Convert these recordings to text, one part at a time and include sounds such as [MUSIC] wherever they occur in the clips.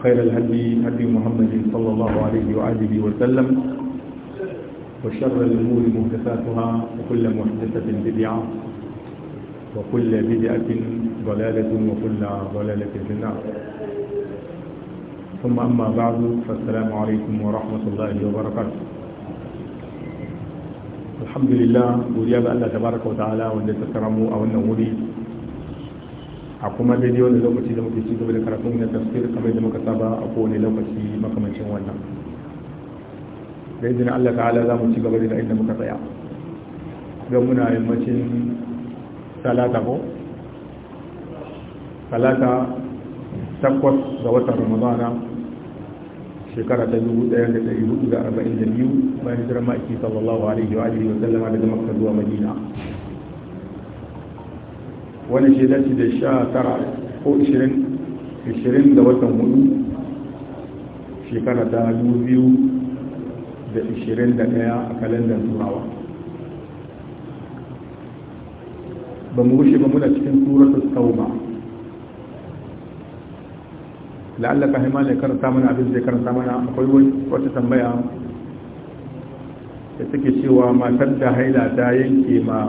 وخير الهدي هدي محمد صلى الله عليه وآله وسلم وشر الأمور محدثاتها وكل محدثة بدعة وكل بدعة ضلالة وكل ضلالة في النار ثم أما بعد فالسلام عليكم ورحمة الله وبركاته الحمد لله وليا الله تبارك وتعالى وأن تكرموا أو أنه a kuma daidai wani lokaci da muke ci gaba da karatun na tafsir kamar da muka saba a kowane lokaci makamancin wannan da na Allah ta'ala za mu ci gaba da inda muka tsaya don muna yammacin talata ko talata takwas ga watan ramadana shekara ta dubu ɗaya da ɗari hudu da arba'in da biyu bayan jiran ma'aiki sallallahu alaihi wa alihi wa sallama daga makka zuwa madina wani shi dace da sha tara ko ishirin ishirin da watan hudu shekara ta hannu biyu da ishirin da daya a kalandar turawa ba mu wuce ba muna cikin suratul tauba la'allaka haima ne karanta mana abin zai karanta mana akwai wata tambaya da take cewa matar da haila ta yanke ma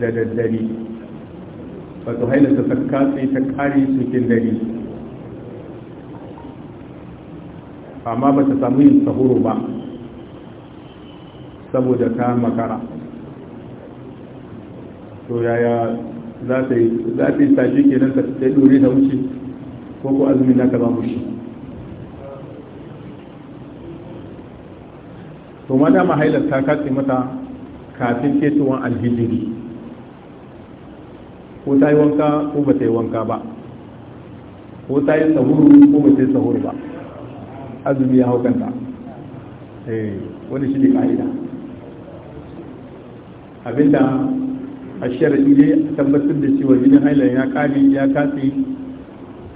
da daddare wato haila ta sakatsi ta kare cikin dare amma ba ta samu yin sahuru ba saboda ta makara to yaya za ta yi tashi nan ta ɗore da wuce ko ko azumi na ka ba mushi to ma dama haila ta katse mata kafin ketowar alhijiri ko ta yi wanka ko ba ta yi wanka ba ko ta yi sahuru ko ba ta yi sahuru ba azumi ya kanta eh, wani shi ne ka'ida abinda a shari'i ne a tabbatar da cewa jinin hailan ya kare ya katse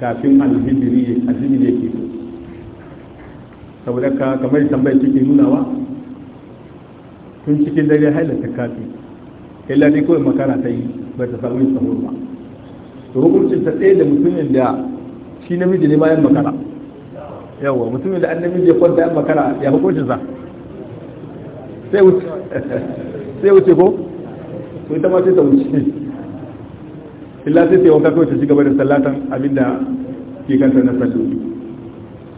kafin alhijiri azumi ne ke saboda ka kamar tambayar cikin nunawa tun cikin dare hailan ta katse illa dai kawai makara ta yi ba ta samu yin tsaho ba to hukuncin ta tsaye da mutumin da shi namiji ne 'yan makara yawa mutumin da an namiji ya kwanta yan makara ya hukuncin sa sai wuce [LAUGHS] sai wuce ko to ita ma sai ta wuce illa sai ta wanka kawai ta ci gaba da sallatan abinda ke kanta na sallu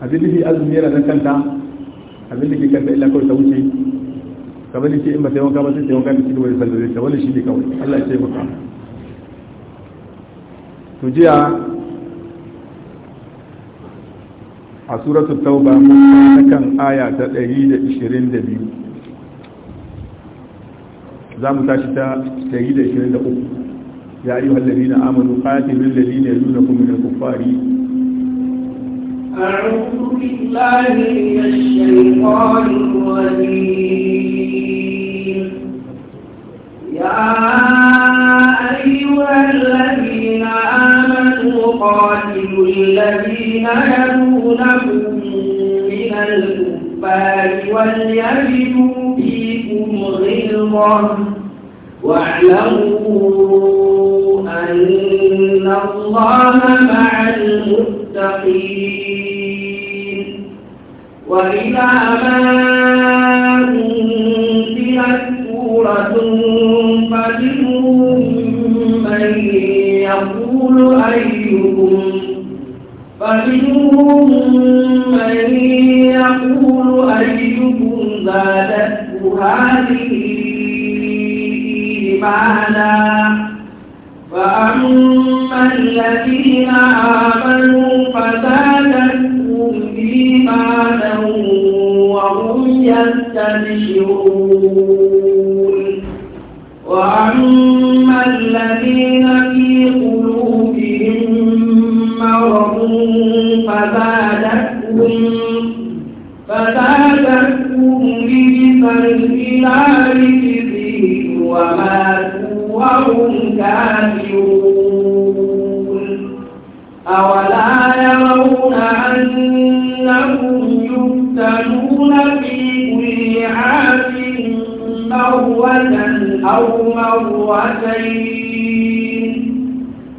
abin da ke azumi yana nan kanta abin da ke kanta illa kawai ta wuce kamar ce in ba sai wanka ba sai ta yi wanka da gaba da sallu da ta wani shi ne kawai Allah ya ce maka to jiya a suratul tauba na kan aya ta 122 za mu tashi ta 123 ya ayyuhal ladina amanu qatilul ladina yalunakum min al-kuffari أعوذ بالله من الشيطان الرجيم يا أيها الذين آمنوا قاتلوا الذين من وليجدوا فيكم غلظة واعلموا أن الله مع المتقين وإذا ما أنزلت سورة ومنهم من يقول أيكم فمنهم من يقول أيكم زادته هذه إيمانا فأما الذين آمنوا فزادتهم إيمانا وهم يستبشرون وأما الذين في قلوبهم مرض فزادتهم فزادتهم رجسا إلى رجسهم وماتوا وهم كافرون أولا يرون أنهم يفتنون في كل عام مروة أو مرتين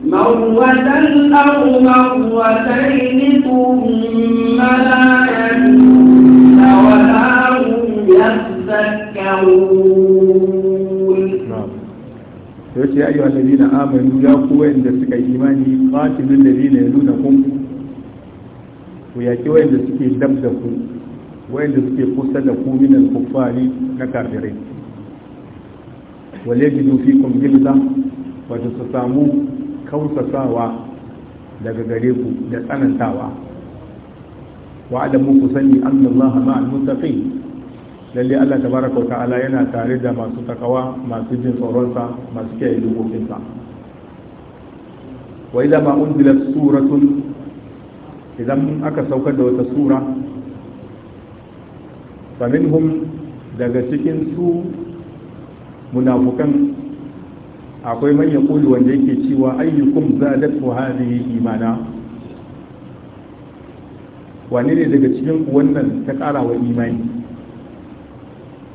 مرة أو مرتين ثم لا يجوز ولا هم يذكرون yace ya ayyuhal ladina amanu ya ku wanda suka yi imani qatilul ladina yalunakum ku yaki wanda suke dab da ku wanda suke kusa da ku minal kuffari na kafirai wale jidu fi gilza su samu kausasawa daga gare ku da tsanantawa wa adamu ku sani annallaha ma'al muttaqin lalle Allah tabaraka wa ta'ala yana tare da masu takawa masu jin sa masu kiyaye sa. wa idza ma unzilat suratun idan aka saukar da wata sura faminhum daga cikin su munafukan akwai manya kulu wanda yake cewa ayyukum zadatu hadhihi imana wani ne daga cikin wannan ta ƙara wa imani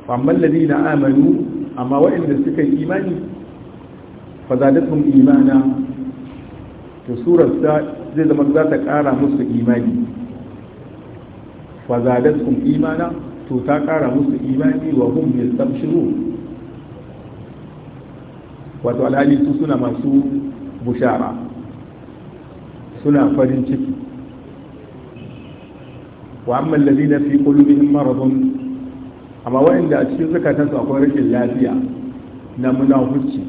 famman ladina amanu amma waɗanda suka yi imani fa zadatun imana to surar ta zai zama za ta ƙara musu imani fa zadatun imana to ta ƙara musu imani wa hum yastabshirun wato alhali su suna masu bushara suna farin ciki wa amma alladhina fi qulubihim maradun amma wa'anda a cikin zakatansu akwai rashin lafiya na munafuci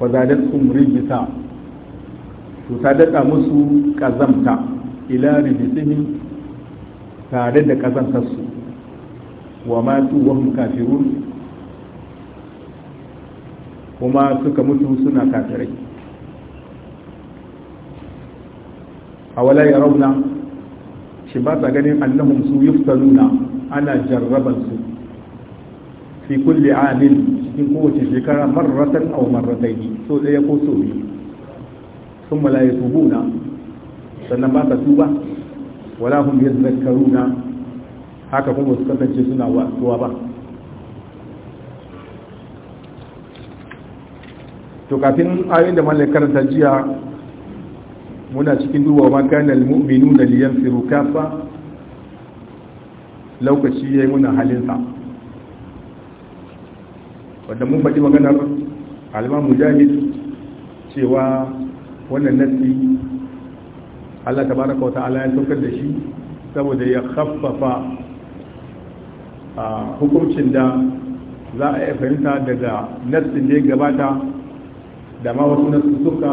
fa zadatkum rijsa to ta dada musu kazamta ila rijsihim tare da ƙazantarsu. wa matu wa hum kafirun kuma suka mutu suna kafirai a wala ya rauna shi ba ta ganin annahum su nuna ana jarrabansu fi kulli amin cikin kowace shekara marratan marratai ne so daya ko so biyu sun malaye tubuna sannan ba ta tuba wala hum na. haka kuma su kasance suna wasuwa ba to kafin ayoyin da mallan karanta jiya muna cikin duba ma kana almu'minuna liyanfiru kafa lokaci yayi muna halin sa wanda mun faɗi maganar alma mujahid cewa wannan nasi Allah tabaraka wa ta'ala ya saukar da shi saboda ya khaffafa ah, hukuncin da za a yi fahimta daga nassin da ya gabata da ma wasu nasu suka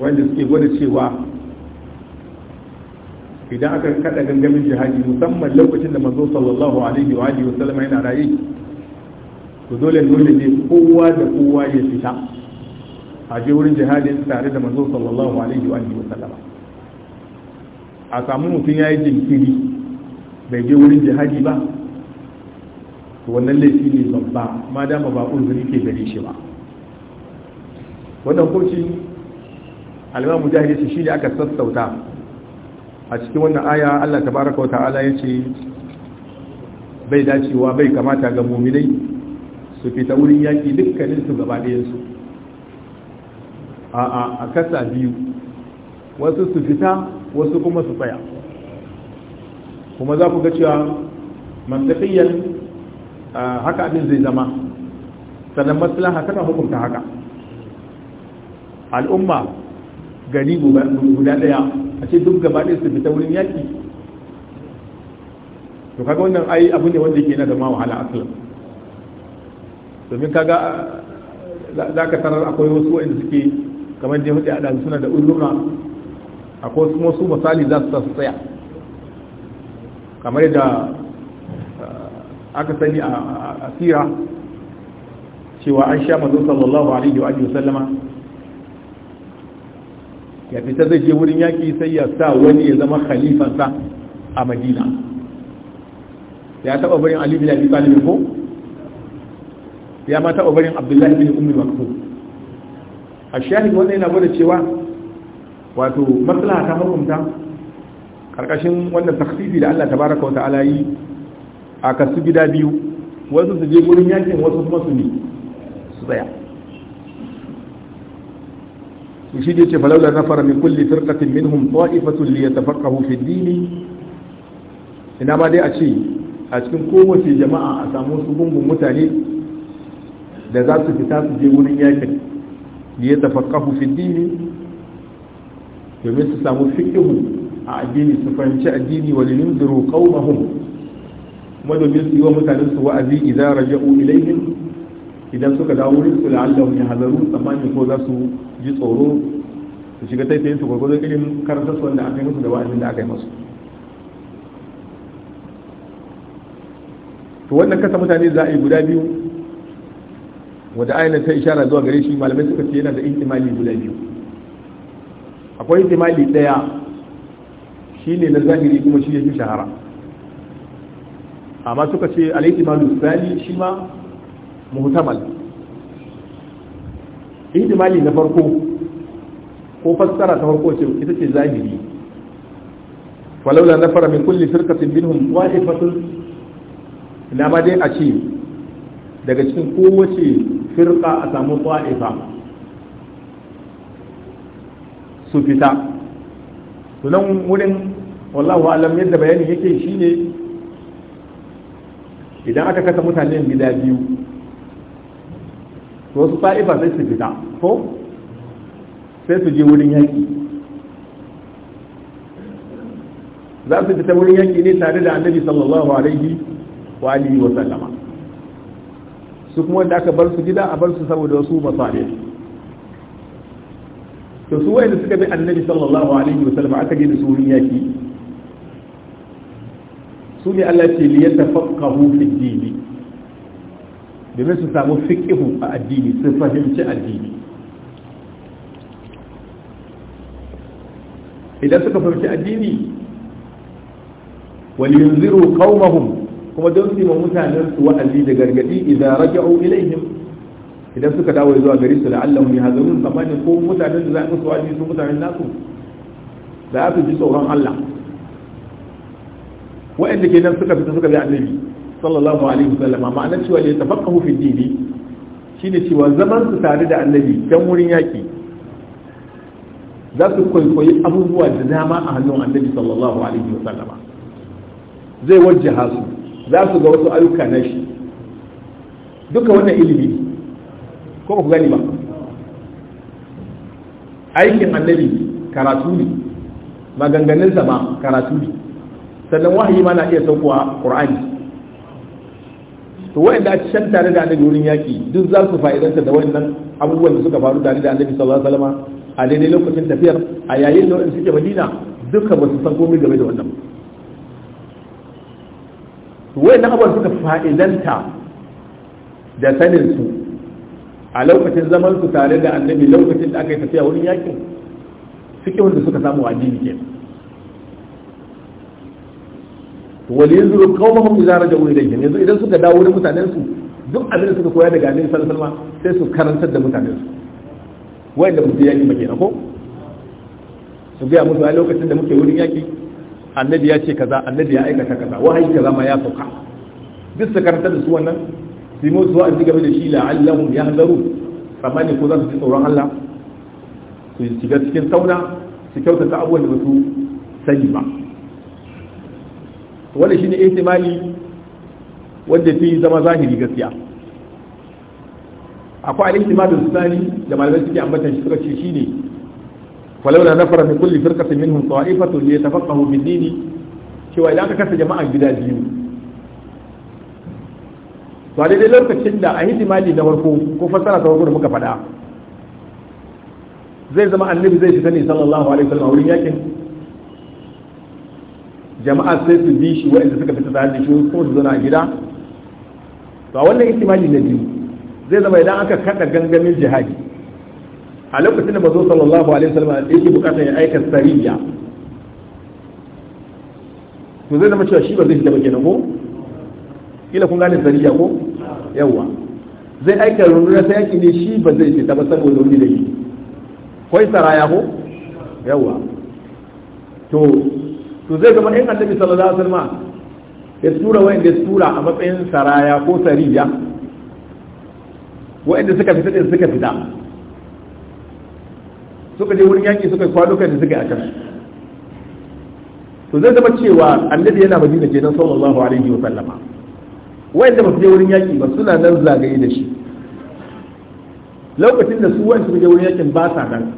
wanda suke gwada cewa idan aka kada gangamin jihadi musamman lokacin da manzo sallallahu alaihi wa alihi wasallam yana rayi to dole dole ne kowa da kowa ya fita a je wurin jihadi tare da manzo sallallahu alaihi wa alihi wasallam a samu mutum ya yi jinkiri bai je wurin jihadi ba to wannan laifi ne babba ma dama ba uzuri ke gare shi ba wannan hukunci al'imam mujahid shi shine aka sassauta a cikin wannan aya Allah tabaaraka wa ta'ala yace bai dacewa bai kamata ga mu'minai su fita wurin yaki dukkanin su gaba ɗayan su a a kasa biyu wasu su fita wasu kuma su tsaya kuma za ku ga cewa mantaqiyan haka abin zai zama sannan maslaha tana hukunta haka al'umma gari guda daya a ce duk gaba ɗaya su fita wurin yaƙi to kaga wannan ai abu ne wanda ke na da ma wahala asalin domin kaga za ka tarar akwai wasu wa'inda suke kamar da hudu a suna da ulluna akwai wasu misali za su su tsaya kamar da eh, aka sani a asira cewa an sha mazo sallallahu alaihi wa sallama ya fita zai je wurin yaƙi sai ya sa wani ya zama khalifansa a madina ya taɓa barin ali bin abi talib ko ya ma taɓa barin abdullahi bin ummi maktum a shahid wannan yana gwada cewa wato maslaha ta hukunta karkashin wannan takfifi da Allah tabaraka wa ta'ala yi a kasu gida biyu wasu su je gurin yakin wasu kuma su ne su tsaya to shi ne ce falaula nafara min kulli firqatin minhum ta'ifatun li yatafaqahu fi dini ina ma dai a ce a cikin kowace jama'a a samu su gungun mutane da za su fita su je wurin yakin li yatafaqahu fi dini domin su samu fiqhu a addini su fahimci addini wa linziru qaumahum kuma domin su yi wa mutanensu su wa'azi idza raja'u ilaihim idan suka dawo wurin su da la'allahu ya hazaru tsammani ko za su ji tsoro su shiga taifayin su gwargwadon irin karantar su wanda aka yi musu da wa'azin da aka yi musu to wannan kasa mutane za a yi guda biyu wadda ayyana ta ishara zuwa gare shi malamai suka ce yana da ihtimali guda biyu akwai ihtimali daya shi ne na zahiri kuma shi ya fi shahara amma suka ce al malu sani shi ma muhtamal ihtimali na farko ko fassara ta farko ce ita ce zahiri falaula nafara min kulli firqatin minhum wa'ifatun ina ma dai a ce daga cikin kowace firqa a samu wa'ifa su fita sunan wurin wallahu alam yadda bayani yake shine idan aka kasa mutanen gida biyu wasu ta'ifa sai su fita ko sai su je wurin yaƙi za su fita wurin yaƙi ne tare da annabi sallallahu alaihi wa alihi wa sallama su kuma wanda aka bar su gida a bar su saboda wasu masale to su wayanda suka bi annabi sallallahu alaihi wa sallama aka gina su wurin yaƙi su ne Allah ce fakka fi dini domin su samu fiƙihu a addini su fahimci addini idan suka fahimci addini waliyun ziru kaumahum kuma don su yi mutanen su wa'azi da gargadi idan raja'u ilaihim idan suka dawo zuwa gari su la'allahu ya hazarun tsammanin ko mutanen da za su musu wa'azi su mutanen nasu za su ji tsoron Allah wa'anda nan suka fita suka bi annabi sallallahu alaihi wasallam ma'anar cewa ya tafaqahu fi dini shine cewa zaman su tare da annabi dan wurin yaki za su kwaikwayi abubuwa da dama a hannun annabi sallallahu alaihi sallama. zai wajjaha su za su ga wasu ayyuka na shi duka wannan ilimi ko ba ku gani ba aikin annabi karatu ne maganganun ma karatu ne sannan wahayi ma na iya saukowa qur'ani to wayanda a can tare da annabi wurin yaƙi duk za su fa'idanta da wannan abubuwan da suka faru tare da annabi sallallahu alaihi wasallam a daidai lokacin tafiyar a yayin da wayanda suke madina duka ba su san komai game da wannan to wayannan abubuwan suka fa'idanta da sanin su a lokacin zaman su tare da annabi lokacin da aka yi tafiya wurin yaƙin suke da suka samu addini kenan wal yanzuru qaumahum idza raja'u ilayhim yanzu idan suka dawo da mutanensu duk abin da suka koya daga annabi sallallahu alaihi wasallam sai su karantar da mutanensu su da mutum yaki ba kenan ko su ga musu a lokacin da muke wurin yaki annabi ya ce kaza annabi ya aikata kaza wahayi kaza ma ya sauka duk su karantar da su wannan su yi musu wa'azi game da shi la'allahum yahdaru tsammanin ko za su ci tsoron Allah su shiga cikin sauna su kyautata abubuwan da ba su sani ba shi shine ihtimali wanda fi zama zahiri gaskiya akwai al-ihtimalul thani da malamai suke ambatan shi suka ce shine falawla nafara min kulli firqatin minhum ta'ifatun liyatafaqahu min dini cewa idan aka kasa jama'a gida biyu to a daidai lokacin da a ihtimali na farko ko fassara ta farko da muka faɗa zai zama annabi zai fita ne sallallahu alaihi wasallam a wurin yakin jama'a sai su bi shi waɗanda suka fita tare da shi ko su zauna a gida to a wannan ihtimali na biyu zai zama idan aka kada gangamin jihadi a lokacin da bazo sallallahu alaihi wasallam yake bukatar ya aika sariya to zai zama cewa shi ba zai fita ba kenan ko kila kun gane sariya ko yawa zai aika rundunar ta yaki ne shi ba zai fita ba saboda wani shi koi saraya ko yawa to to zai zama in annabi sallallahu alaihi wasallam ya tura wa ya tura a matsayin saraya ko sariya inda suka fita din suka fita suka je wurin yaki suka kwado kan suka yi akan to zai zama cewa annabi yana madina kenan sallallahu alaihi wa sallama wa'anda ba su je wurin yaki ba suna nan zagaye da shi lokacin da su wa'anda su je wurin yakin ba sa nan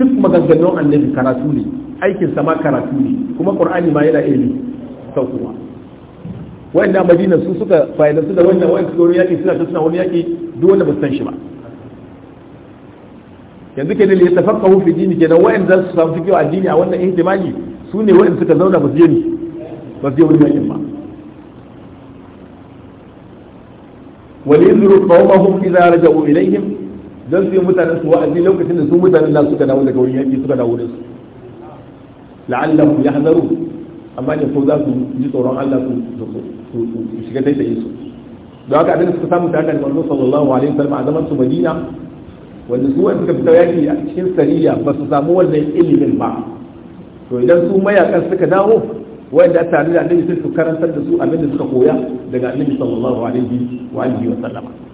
duk maganganun annabi karatu ne aikin sama karatu ne kuma qur'ani ma yana ilimi saukowa wanda madina su suka fa'idansu da wannan wani tsoron yaƙi suna ta suna wani yaƙi duk wanda ba san shi ba yanzu ke dalilin tafakkahu fi dini kenan wa'anda za su samu cikin addini a a wannan ihtimali su ne wa'anda suka zauna ba su je ni ba su je wani yaƙin ba walizuru qawmahum idza raja'u ilayhim dan su yi mutanen su wa'azi lokacin da su mutanen nan suka dawo daga wani yaƙi suka dawo da su la'allahu yahzaru amma ne ko za su ji tsoron Allah su shiga ta yi su da haka abin da suka samu ta kan manzo sallallahu alaihi wasallam a zaman su Madina wanda su wanda suka fita yaki a cikin sariya ba su samu wannan ilimin ba to idan su mayakan suka dawo wanda tare da annabi sai su karantar da su abin da suka koya daga annabi sallallahu alaihi wa alihi wa sallama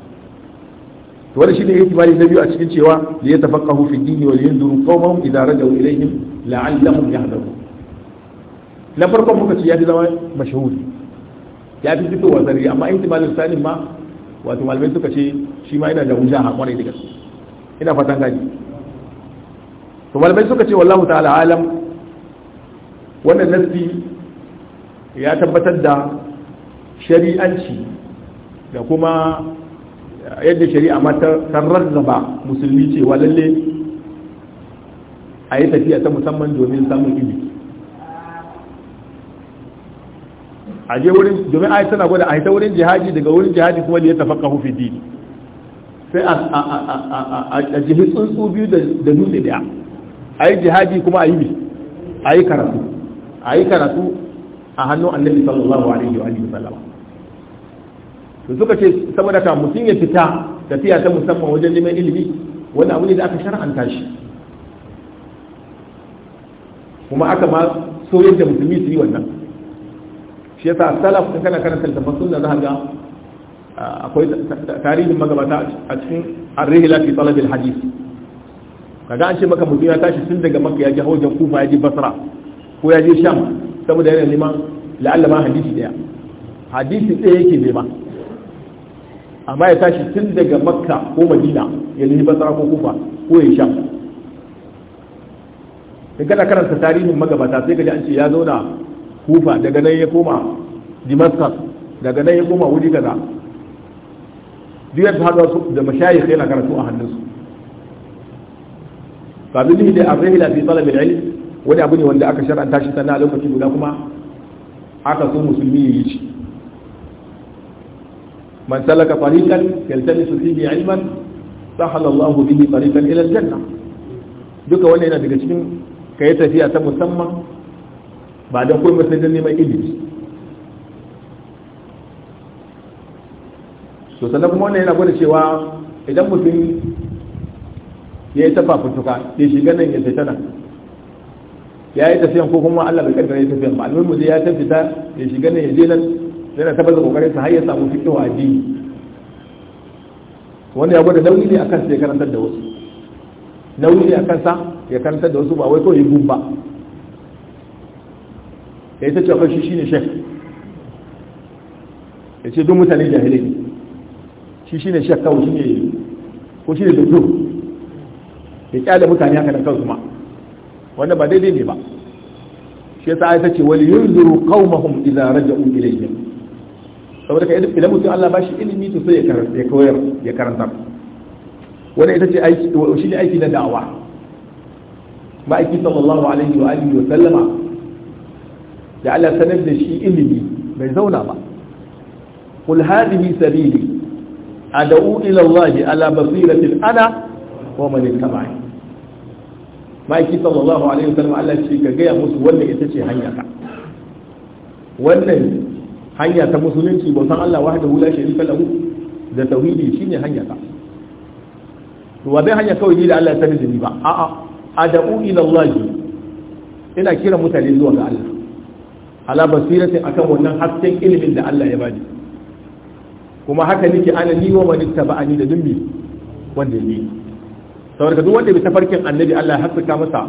to wannan shine ihtimali na biyu a cikin cewa li yatafaqahu fi din wa yanzuru qawmahum idza raja'u ilayhim la'allahum yahdharun na farkon muka ce ya fi zama mashahuri ya fi fitowa sarari amma ihtimalin sanin ma wato malamai suka ce shi ma yana da wuja a kwarai da gaske ina fatan gani to malamai suka ce wallahu ta'ala alam wannan nasi ya tabbatar da shari'anci da kuma yadda shari'a ma ta sarrazzaba musulmi ce wa lalle a yi tafiya ta musamman domin samun ilimi a je wurin domin yi tana gwada a yi ta wurin jihadi daga wurin jihadi kuma da ya kahu fi dini sai a jihi tsuntsu biyu da dutse daya a yi jihadi kuma a yi a yi karatu a yi karatu a hannun annabi sallallahu alaihi wa sallama to suka ce saboda ka mutum ya fita tafiya ta musamman wajen neman ilimi wani abu ne da aka shar'anta shi kuma aka ma so yadda musulmi su yi wannan shi yasa salaf in kana karanta littafin da za ga akwai tarihin magabata a cikin arrihila fi talabil hadith kaga an ce maka mutum ya tashi tun daga maka ya je haujan kufa ya je basra ko ya je sham saboda yana neman la'alla ma hadisi daya hadisi ɗaya yake nema amma ya tashi tun daga makka ko madina ya nufi basara ko kufa ko ya sha da gada karanta tarihin magabata sai gaji an ce ya zauna kufa daga nan ya koma damascus daga nan ya koma wuri gaza duk yadda su da sai na karatu a hannunsu fa bihi da arhila fi talab al-ilm wani abu ne wanda aka shar'anta shi sannan a lokaci guda kuma aka so musulmi ya yi shi man salaka tariqan yaltamisu fihi ilman sahala Allahu bihi tariqan ila aljanna duka wannan yana daga cikin kai tafiya ta musamman ba dan kuma sai dan neman ilimi so sannan kuma wannan yana gwada cewa idan mutum ya yi ta fafutuka ya shiga nan ya fita nan ya yi tafiyan ko kuma Allah bai kaddara ya tafiyan ba almin mu ya ta ya shiga nan ya je nan yana tabbata kokarin sa har ya samu a addini wanda ya gwada nauyi ne akan sa ya karantar da wasu nauyi ne akan sa ya karantar da wasu ba wai kawai gun ba ya yi ta cewa shi shine shek ya ce duk mutane jahilai ne shi shine shek kawai ne ko shi shine doktor ya kyale mutane haka nan kansu ma wanda ba daidai ne ba shi yasa ai tace wal yunziru qaumahum idza raja'u ilayhim saboda kai idan mutum Allah ba shi ilimi to sai ya koyar ya karanta wanda ita ce aiki shi ne aiki na da'awa ma'aiki sallallahu alaihi wa alihi wa sallama da Allah sanar da shi ilimi bai zauna ba qul hadhihi sabili ad'u ila Allah ala basiratin ana wa man ittaba'ani ma'aiki sallallahu alaihi wa sallama Allah ce ka gaya musu wannan ita ce hanya ka wannan hanya ta musulunci bautan Allah da la sharika lahu da tauhidi shine hanya ta to wa bai hanya kawai ni da Allah ya sani da ni ba a'a ad'u ila Allah ina kira mutane zuwa ga Allah ala basiratin akan wannan hasken ilimin da Allah ya bani kuma haka nake ana ni wa man ittaba'ani da dumbi wanda ni saboda duk wanda bai tafarkin annabi Allah ya haskaka masa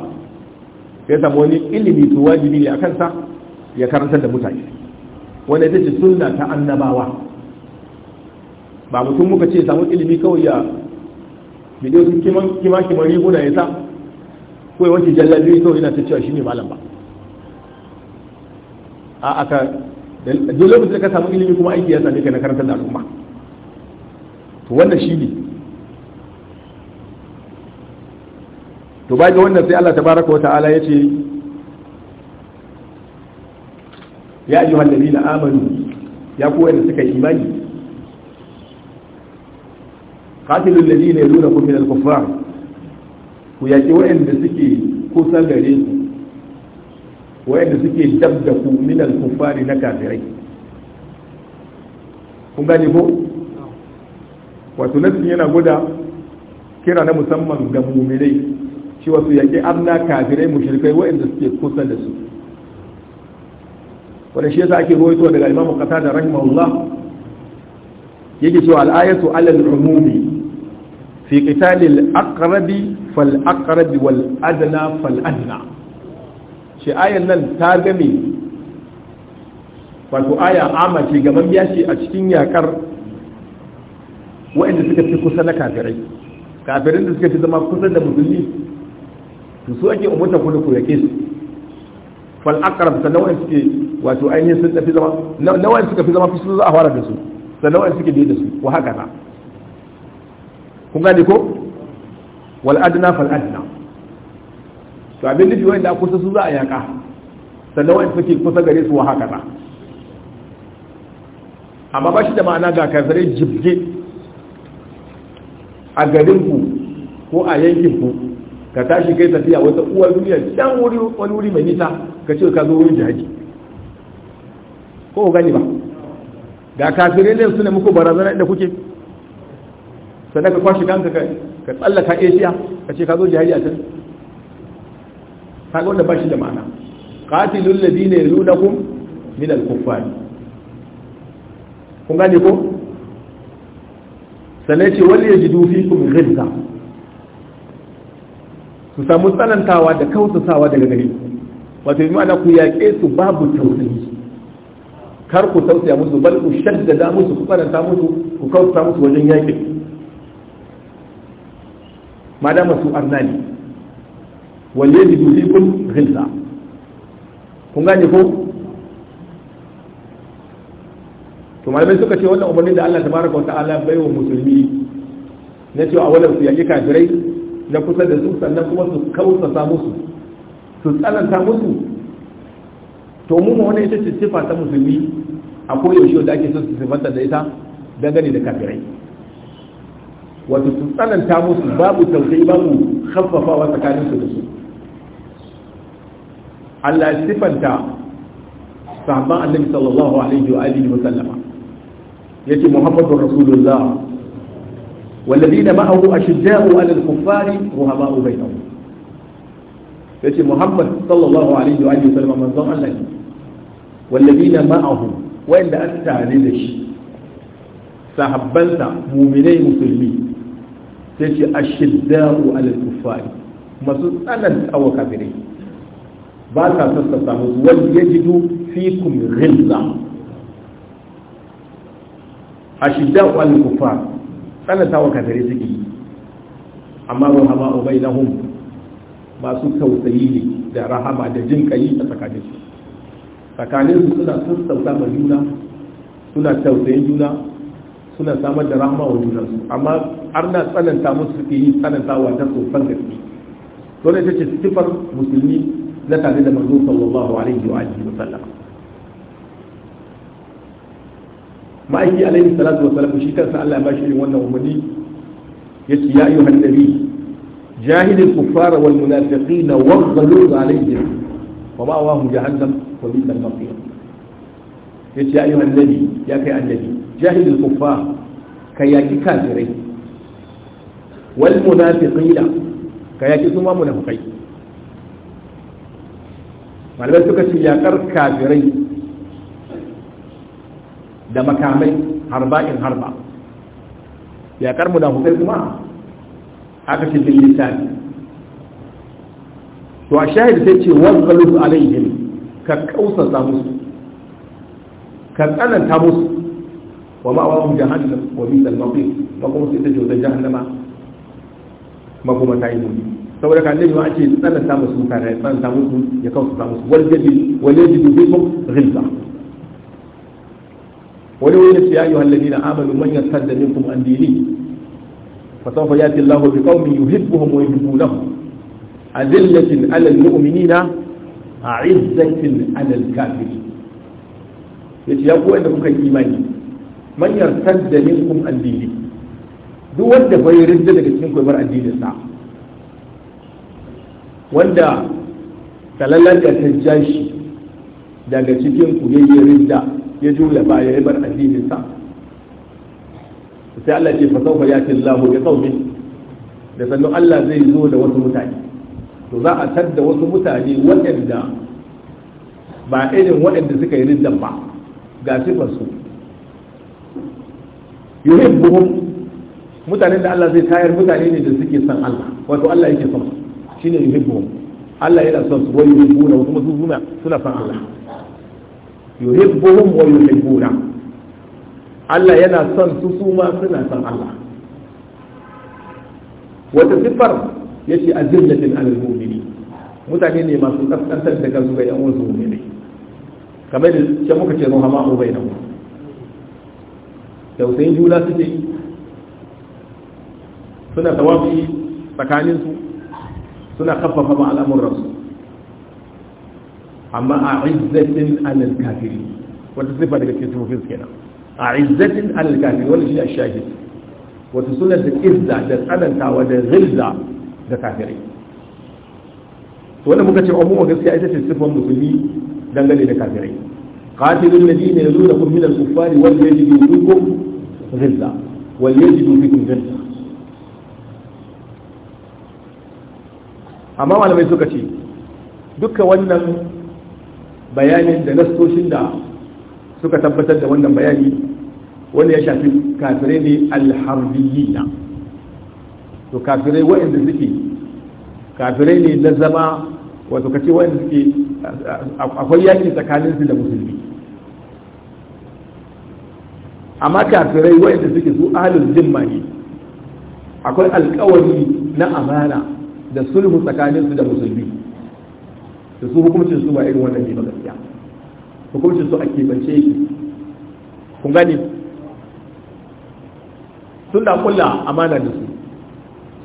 ya samu wani ilimi to wajibi ne akan sa ya karantar da mutane wanda ta ce sunna ta annabawa ba mutum muka ce samun ilimi kawai ya bidiyo su kima yi riguna ya sa kawai ya wanke jallabi kawai yana ta cewa shi ne malam ba a aka duk lokacin da ka samu ilimi kuma aiki ya same ka na karanta da al'umma to wannan shi ne to ga wannan sai Allah tabaraka wa ta'ala ya ce ya ayyuha allazina amanu ya ku da suka imani qatilu allazina yalunakum min al-kuffar ku yaƙi wanda suke kusa gare ku wa'anda suke dab da ku min al na kafirai kun gane ko wato nasin yana guda kira na musamman ga muminai cewa su yaƙi amna kafirai mushrikai wa'anda suke kusa da su wanda shi yasa ake rawaito daga Imam Qatada rahimahullah yake cewa al-ayatu al-umumi fi qitali al-aqrabi fal aqrabi wal adna fal adna shi ayan nan ta game wato aya amma ce gaban biya ce a cikin yakar waɗanda suka fi kusa na kafirai kafirin da suka fi zama kusa da musulmi to su ake umarta ku da yake su fal aqrab sannan suke wato ainihin sun tafi zama na wani suka fi zama fi sun za a fara da su sannan wayan suke da su wa haka ta kun gane ko wal adna fal adna to abin nufi wayan da kusa su za a yaka sannan wani suke kusa gare su wa haka ta amma ba shi da ma'ana ga kafirai jibge a garinku ko a yankinku ka tashi kai tafiya wata uwar duniya can wani wuri mai nisa ka ce ka zo wurin jihaji ko ku gani ba ga kafirai ne su ne muku barazana inda kuke sannan ka kwashi kanka ka tsallaka asia ka ce ka zo jihadi a can ga wanda ba shi da ma'ana qatilul ladina yalunakum min al-kuffar kun gani ko sannan ce wal yajidu fikum ghilza su samu tsanantawa da kautsasawa daga gare wato yi ma'ana ku yaƙe su babu tausayi kar ku tausaya musu bal ku shaddada musu ku karanta musu ku kauta musu wajen yakin madama su arnani wal yajidu kun ghilla kun gane ko to malamai suka ce wannan umarni da Allah tabaraka wata'ala bai wa musulmi na cewa a wannan su yaƙi kafirai na kusa da su sannan kuma su kauta musu su tsananta musu to mu wani ita ce sifa ta musulmi a koyaushe da ake son su sifanta da ita dangane da kafirai wato su tsananta musu babu tausayi babu khaffafawa tsakanin su da su Allah ya sifanta sahabban annabi sallallahu alaihi wa alihi wa sallama yace muhammadur rasulullah والذين معه أشداء على الكفار رهباء بينهم yace Muhammad sallallahu alaihi wa alihi wasallam manzon Allah ne wallabina ma'ahu wanda aka tare da shi sahabbansa mu'minai musulmi sai ce ashidda'u alal kuffari masu tsananta wa kafirai ba sa sassasa musu wal yajidu fikum ghilza ashidda'u alal kuffar tsananta wa kafirai suke amma ruhama ubainahum masu tausayi ne da rahama da jin kai a tsakanin su tsakanin su suna sassauta ma juna suna tausayin juna suna samar da rahama wa juna su amma har na tsananta musu suke yi tsanantawa ta tsofan gaske dole ne ce sifar musulmi na tare da manzo sallallahu alaihi wa alihi wa sallam ma'aiki alaihi salatu wa shi kansa Allah ya bashi wannan umarni yace ya ayyuhan nabi جاهد الكفار والمنافقين والغلوظ عليهم ومأواهم جهنم وبئس المصير يا أيها النبي يا كي النبي جاهد الكفار كي يأتي كافرين والمنافقين كي يأتي ثم منافقين malamai suka ce yakar kafirai da makamai harba in harba yakar munafukai kuma aka ce bin lissafi to a shahid sai ce wanzalu alaihim ka kausasa musu ka tsananta musu wa ma'awahum jahannam wa bi al-maqim ita sai ta jota jahannama makoma ta yi muni saboda ka annabi ma ce tsananta musu mutane tsananta musu ya kausasa musu wal jadi wal yajidu bikum ghilza wani wani ya ce ya ayyuhal ladina manyan man yasadda minkum an dinihi فسوف ياتي الله بقوم يحبهم ويحبونه أذلة على المؤمنين عزة على الكافرين yace ya koyar da kuka imani man yartadda minkum addini duk wanda bai ridda daga cikin koyar addinin sa wanda kalalar da ta jashi daga cikin ku yayi ridda ya jula baya ya bar addinin sa sai Allah ce fa sauka yati Allahu ya sauke da sannan Allah zai zo da wasu mutane to za a tadda wasu mutane waɗanda ba irin waɗanda suka yi riddan ba ga sifar su yuhibbuhum mutanen da Allah zai tayar mutane ne da suke son Allah wato Allah yake son su shine yuhibbuhum Allah yana son su wai yuhibbuna kuma su suna son Allah yuhibbuhum wa yuhibbuna Allah yana son su su ma suna son Allah wata siffar ya ce azillatin alal mu'mini mutane ne masu kaskantar da kansu ga yan uwansu mu'mini kamar da ce muka ce ruhama bai na tausayin juna suke suna tawafi tsakaninsu suna kafafa ma su, amma a izzatin alal kafiri wata siffar daga cikin su kenan a izzatin alal kafiri wani shi a shahid wata sunan da izza da tsanantawa da ghilza da kafirai to wanda muka ce abubuwa oh, gaskiya ita ce sifan musulmi dangane da kafirai qatilul ladina yalunakum min al-kuffar wal yajidu fikum ghilza wal yajidu fikum ghilza amma malamai suka ce duka wannan bayanin da nastoshin da suka tabbatar da wannan bayani wanda ya shafi kafirai ne alharbiyina to kafirai waɗanda suke kafirai ne na zama wato kace waɗanda suke akwai yaki tsakanin su da musulmi amma kafirai waɗanda suke su ahlul zimma ne akwai alkawari na amana da sulhu tsakanin su da musulmi da su hukumcin su ba irin wannan ne ba hukuncin su a kebance shi kun gani sun da kulla amana da su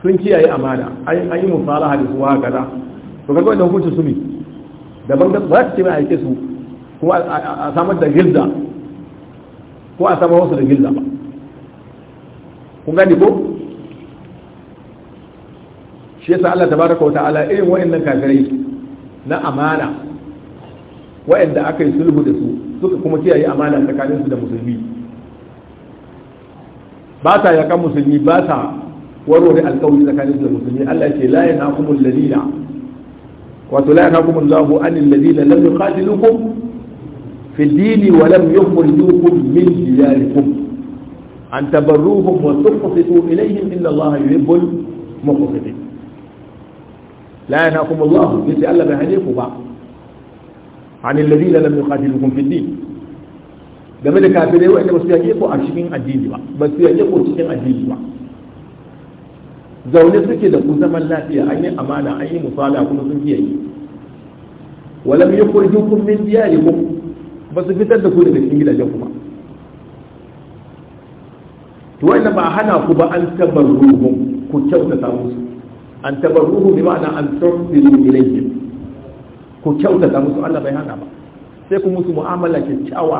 sun kiyaye amana an yi musala da su haka da to kaga wannan hukuncin su ne daban da ba su ce mai aike su kuma a samar da gilda ko a samar wasu da gilda ba kun gani ko shi yasa Allah tabaraka wa ta'ala irin wa'annan kafirai na amana waɗanda aka yi sulhu da su suka kuma kiyaye amana tsakaninsu da musulmi ba sa yakan musulmi ba sa warware alkawari tsakaninsu da musulmi Allah ce la yanaqumul ladina wato la yanaqumul lahu anil ladina lam yuqatilukum fi dini wa lam yukhrijukum min diyarikum an tabarruhum wa tuqsitu ilayhim inna Allah yuhibbul muqsitin la yanaqumul lahu yace Allah bai hane ku ba anil ladina lam yuqatilukum fid din game da kafirai wanda ba su yake ko a cikin addini ba ba su yake ko cikin addini ba zaune suke da ku zaman lafiya an yi amana an yi musala kuma sun fiye yi walam yukhrijukum min diyarikum ba su fitar da ku daga cikin gidajen ku ba to wanda ba hana ku ba an tabar tabarruhum ku kyauta musu an tabarruhu bi ma'ana an tuhsinu ilayhim ku kyautata musu Allah bai hana ba sai ku musu mu'amala kyakkyawa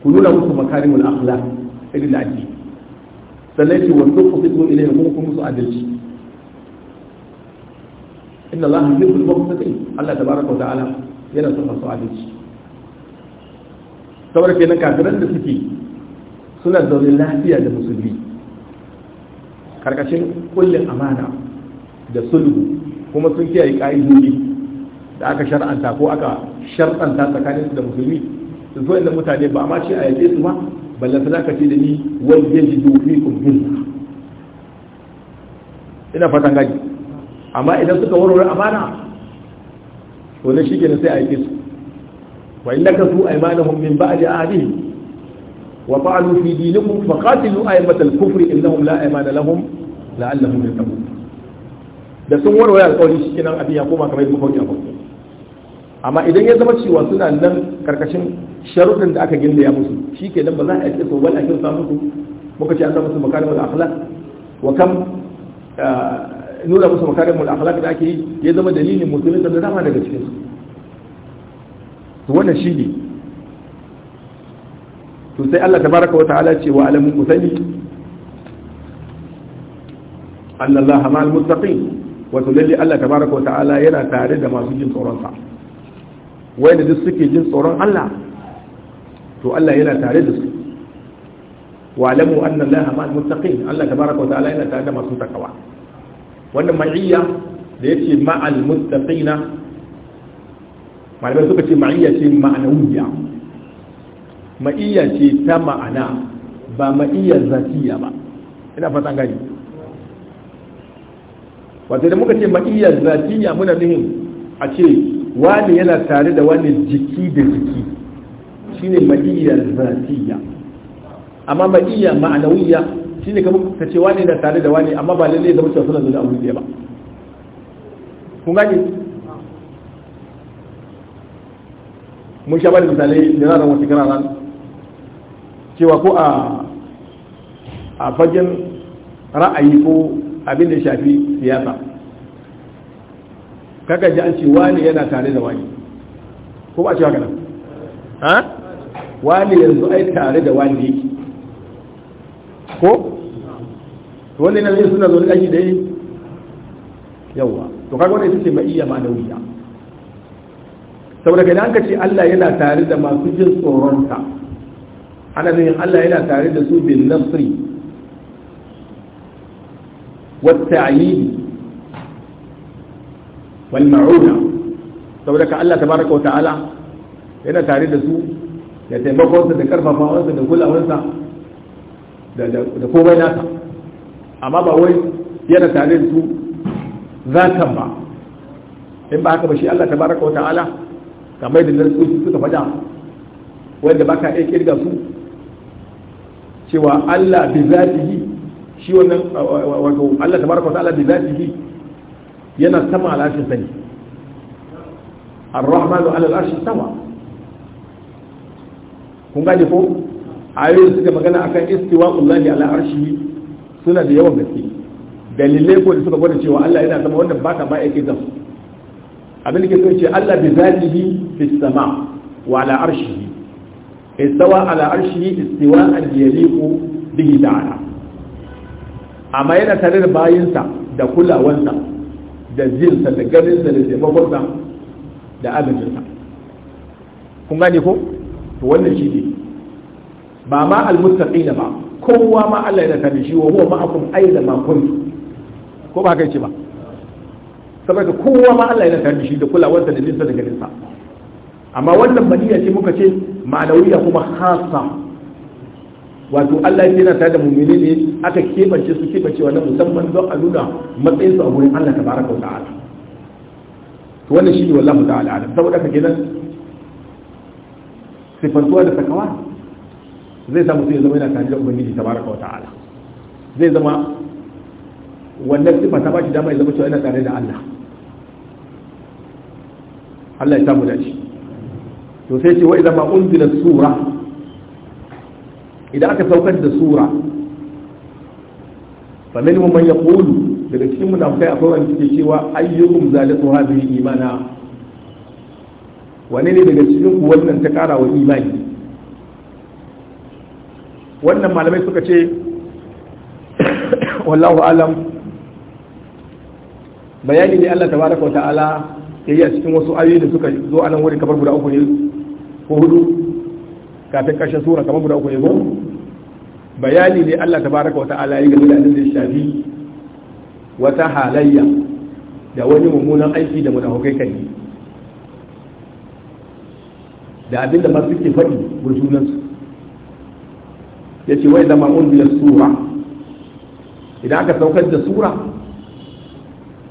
ku nuna musu makarimul akhlaq irin ake, sannan ki wasu ku fito ilayhi kuma ku musu adalci inna Allah al muqsitin Allah tabaaraka wa ta'ala yana son masu adalci saboda kenan kafiran da suke suna zaune lafiya da musulmi karkashin kullin amana da sulhu kuma sun kiyaye ƙa'idodi da aka shar'anta ko aka shar'anta tsakanin su da musulmi su so inda mutane ba ma ce a yaƙe su ba balla ta zaka ce da ni wal yajidu fikum billah ina fatan gaji amma idan suka warware amana to ne shikenan sai a yaƙe su wa in nakasu aymanahum min ba'di ahdihim wa fa'alu fi dinikum faqatilu aymatal kufri innahum la aymana lahum la'allahum yattaqun da sun warware alƙawari shikenan abin ya koma kamar yadda muka wuce a farko amma idan ya zama cewa suna nan karkashin sharuɗin da aka ya musu shi ke nan ba za a yi so wani ake samu su muka ce an zama musu makarimul akhlaq wa kam nuna musu makarin akhlaq da ake yi ya zama dalilin musulun da dama daga cikin su to wannan shi ne to sai Allah tabaraka wa ta'ala ce wa alamun kusani annallaha ma'al muttaqin wa lalle Allah tabaraka wa ta'ala yana tare da masu jin tsoron sa wanda duk suke jin tsoron Allah to Allah yana tare da su wa alamu anna Allah ma'al muttaqin Allah tabaraka wa ta'ala yana tare da masu takawa wannan ma'iyya da yace ma'al muttaqina malamai suka ce ma'iyya ce ma'anawiyya ma'iyya ce ta ma'ana ba ma'iyya zatiya ba ina fatan gani wato da muka ce ma'iyya zatiya muna nuhin a ce wani yana tare da wani jiki da jiki shine ma'iyya zatiyya amma ma'iyya ma'anawiyya shine kamar ka ce wani yana tare da wani amma ba lalle zama cewa suna zuwa aure ba kun gani mun sha bada misalai da ranar wata kiraran cewa ko a a fagen ra'ayi ko abin da shafi siyasa kaga ji an ce wani yana tare da wani ko ba ce haka nan ha wani yanzu ai tare da wani yake ko to wannan ne suna zo da aiki da yawa to kaga wannan ita ce iya ma'anawiya saboda idan ka ce Allah yana tare da masu jin tsoronka ana nufin Allah yana tare da su bin nasri wa ta'yid walma'una saboda ka Allah tabaraka wa ta'ala yana tare da su da su da wasu da wasu da komai nasa amma ba wai yana tare da su zatan ba in ba haka ba shi Allah tabaraka wa ta'ala kamar da nan suka faɗa wanda baka iya kirga su cewa Allah bi zatihi shi wannan wato Allah tabaraka wa ta'ala bi zatihi yana sama al'arshin sani ar-rahmanu ala al'arshin sama kun gane ko ayoyin suka magana akan istiwa'ullahi ala arshi suna da yawan gaske dalilai ko da suka gwada cewa Allah yana sama wannan baka ba yake zama abin da ke son ce Allah bi zatihi fi sama wa ala arshihi istawa ala arshihi istiwa'an yaliqu bihi ta'ala amma yana tare da bayinsa da kulawansa da jinsa da ganinsa da taimakonsa da agajinsa kun gane ko to wannan shi ne ba ma almuttaqina ba kowa ma Allah yana tare shi wa huwa ma'akum aidan ma kuntum ko ba kai ce ba saboda kowa ma Allah yana tare shi da kulawarsa da jinsa da ganinsa amma wannan maniya ce muka ce ma'anawiya kuma khassa wato Allah ya yana tare da mu'mini ne aka kebance su kebance wannan musamman don a nuna matsayin su a gurin Allah tabaraka wa ta'ala to wannan shine wallahi ta'ala alam saboda haka kenan sifantuwa da takawa zai samu sai zama yana tare da ubangiji tabaraka wa ta'ala zai zama wannan sifa ta ba shi dama ya zama cewa yana tare da Allah Allah ya samu dace to sai ce wa idan ma unzila sura idan aka saukar da sura fa minhum man kulu daga cikin munafikai a wanda suke cewa ayyukum zalatu hadhihi imana wane ne daga cikin ku wannan ta kara wa imani wannan malamai suka ce wallahu alam bayani ne Allah tabaraka wa ta'ala yayi a cikin wasu ayoyi da suka zo a nan wurin kafar guda uku ne ko hudu kafin ƙarshen sura kamar guda uku ya zo bayani ne Allah tabaraka wa ta'ala ya game da abin da ya shafi wata halayya da wani mummunan aiki da munafukai kan yi da abin da masu ke faɗi wa su. ya ce wai zama unzila sura idan aka saukar da sura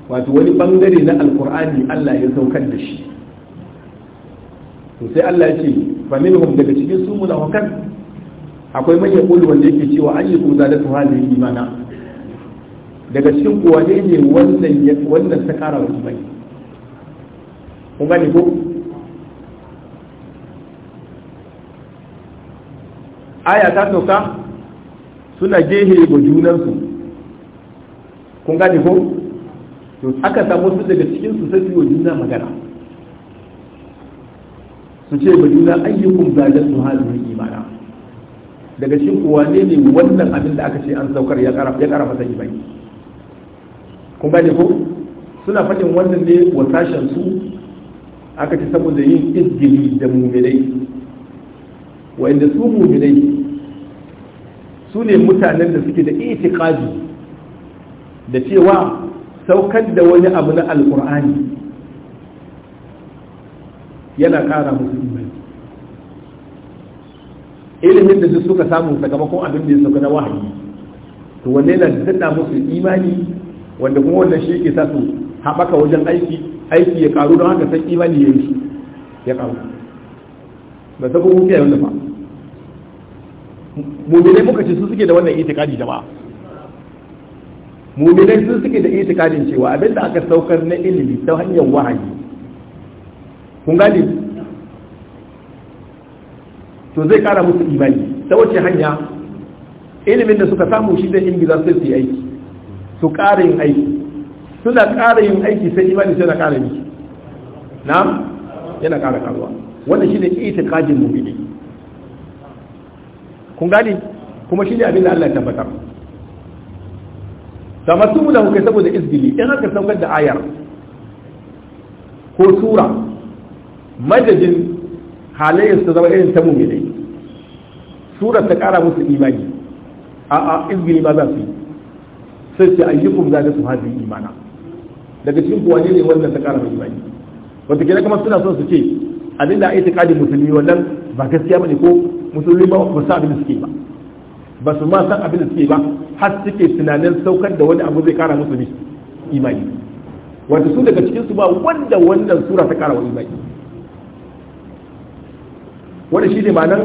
wato wani bangare na alkur'ani Allah ya saukar da shi to sai Allah ya ce fa minhum daga cikin su munafikan akwai man kulu wanda yake cewa ayyukum zalatu halin imana daga cikin kuwa ne ne wannan wannan ta kara wasu bai kun gane ko aya ta sauka suna gehe ga junansu kun gane ko to aka samu su daga cikin su sai su yi wa juna magana su ce ba juna ayyukum hali mai imana daga cikin kuwa ne ne wannan abin da aka ce an saukar ya ya kara masa imani kun ko suna faɗin wannan ne wa sashen su aka ce saboda yin izgili da muminai wa'inda su muminai su ne mutanen da suke da itikadi da cewa saukar da wani abu na alkur'ani yana kara musu ilimin da duk suka samu sakamakon abin da ya sauka na wahayi to wanne na daɗa musu imani wanda kuma wannan shi ke sa su haɓaka wajen aiki aiki ya ƙaru don haka san imani ya yi ya ƙaru ba sa kuma fiye da ba mummunai muka ce su suke da wannan itikadi jama'a mummunai su suke da itikadin cewa abin da aka saukar na ilimi ta hanyar wahayi kun gane to zai kara musu imani ta wace hanya ilimin da suka samu shi zai ingiza su yi aiki su ƙara yin aiki suna ƙara yin aiki sai imani sai na ƙara yi na yana ƙara karuwa ne ita kajin mu'mini kun gani kuma ne abin da Allah ya tabbatar tamassumu lahu hukai saboda izgili in haka saukar da ayar ko sura madadin halayyar su zama irin ta mu'minai surar ta kara musu imani a a izgiri ma za su yi sai ce ayyukum za su hadu imana daga cikin kuwa ne wannan ta kara imani wata kira kuma suna son su ce dinda a itikadin musulmi wannan ba gaskiya ne ko musulmi ba ba su abin da suke ba ba su ma san abin da suke ba har suke tunanin saukar da wani abu zai kara musu imani wata su daga cikin su ba wanda wannan sura ta kara wa imani wanda shi ne malan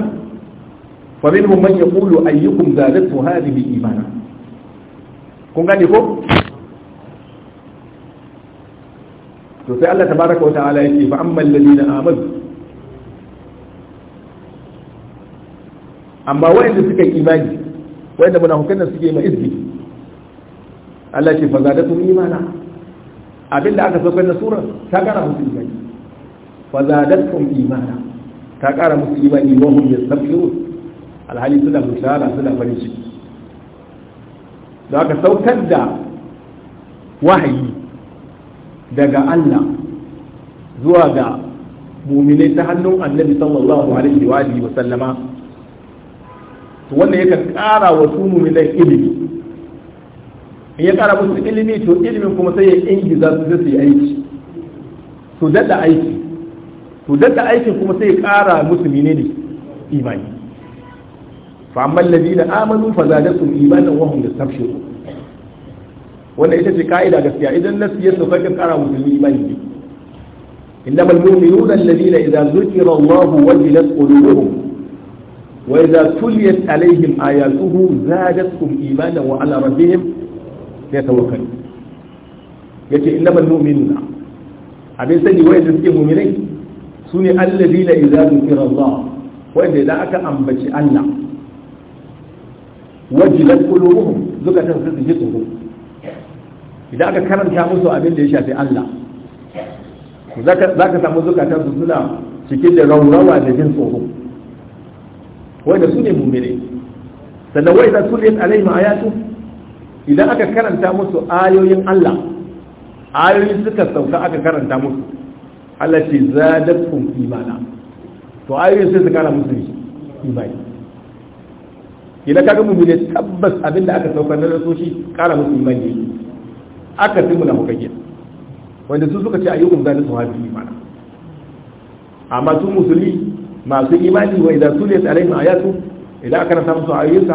fa minhum man yaqulu ayyukum zadatu hadhihi imana kun gane ko to sai Allah tabaraka wa ta'ala yake fa ammal ladina amanu amma wayanda suka yi imani wa'anda munafukan nan suke mai izgi Allah ce fa zadatu imana abinda aka saukar na sura ta gara musu imani fa zadatu imana ta ƙara musu imani wa hum yastabshirun alhali suna bushara suna farin ciki da saukar da wahayi daga Allah zuwa ga muminai ta hannun annabi sallallahu alaihi wa alihi wa sallama to wannan yakan ƙara wa su muminai ilimi in ya ƙara musu ilimi to ilimin kuma sai ya ingiza su su yi aiki su daɗa aiki to daga aikin kuma sai kara musulmi ne ne imani fa amma alladhina amanu fa zadatum imanan wa hum yastabshirun wannan ita ce kaida gaskiya idan nasu ya so kake kara musulmi imani ne innama almu'minuna alladhina idza dhukira Allahu wajilat qulubuhum wa idza tuliyat alaihim ayatuhu zadatkum imanan wa ala rabbihim yatawakkalun yace innama almu'minuna abin sani wa idza suke mu'minai su ne allazi na iza zukira Allah wanda idan aka ambaci Allah wajilat zuka ta su ji tsoro idan aka karanta musu abin da ya shafi Allah za ka samu ta su suna cikin da raurawa da jin tsoro wanda su ne mu'mini sannan su idza tuliyat alaihim ayatu idan aka karanta musu ayoyin Allah ayoyin suka sauka aka karanta musu Allah ce zadatkum imana to ayoyin sai su kara musu imani ila kaga mu ne tabbas abinda aka saukar na shi kara musu imani aka fi mu na hukakiyar wanda su suka ce ayyukum zadatu hadhihi imana amma su musulmi masu imani wa idan su ne tsarai ma ayatu idan aka rasa musu ayyuka